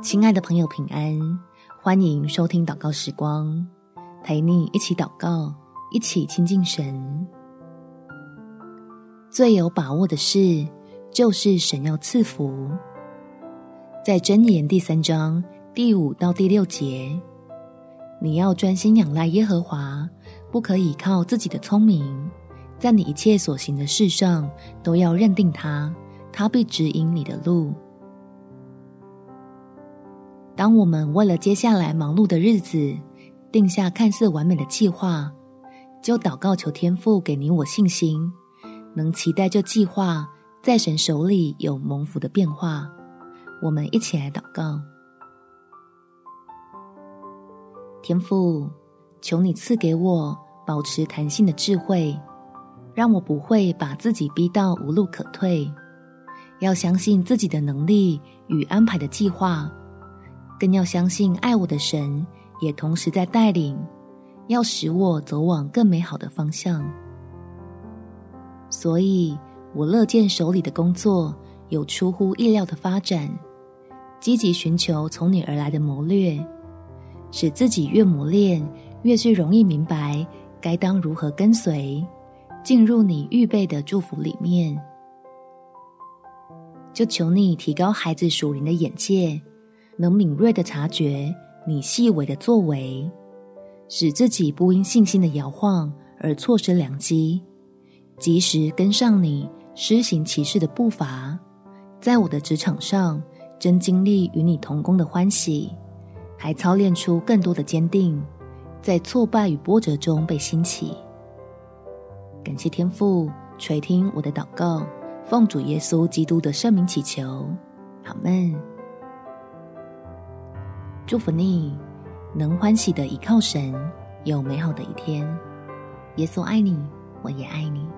親愛的朋友，平安！歡迎收聽禱告時光，陪你一起禱告，一起親近神。最有把握的事，就是神要賜福。在箴言，第三章第五到第六節，你要專心仰賴耶和華，不可倚靠自己的聰明，在你一切所行的事上都要認定他，他必指引你的路。當我們為了接下來忙碌的日子，定下看似完美的計劃，就禱告求天父給你我信心，能期待這計劃在神手裡有蒙福的變化。我們一起來禱告：天父，求你賜給我保持彈性的智慧，讓我不會把自己逼到無路可退，要相信自己的能力與安排的計劃。更要相信愛我的神，也同時在帶領，要使我走往更美好的方向。所以我樂見手裡的工作有出乎意料的發展，積極尋求從你而來的謀略，使自己越磨練，越是容易明白該當如何跟隨，進入你預備的祝福裡面。就求你提高孩子屬靈的眼界。能敏銳的察覺你細微的作為，使自己不因信心的搖晃而錯失良機，及時跟上你施行奇事的步伐，在我的職場上真經歷與你同工的歡喜，還操練出更多的堅定，在挫敗與波折中被興起。感謝天父垂聽我的禱告，奉主耶穌基督的聖名祈求，阿門。祝福你能歡喜的倚靠神，有美好的一天。耶穌愛你，我也愛你。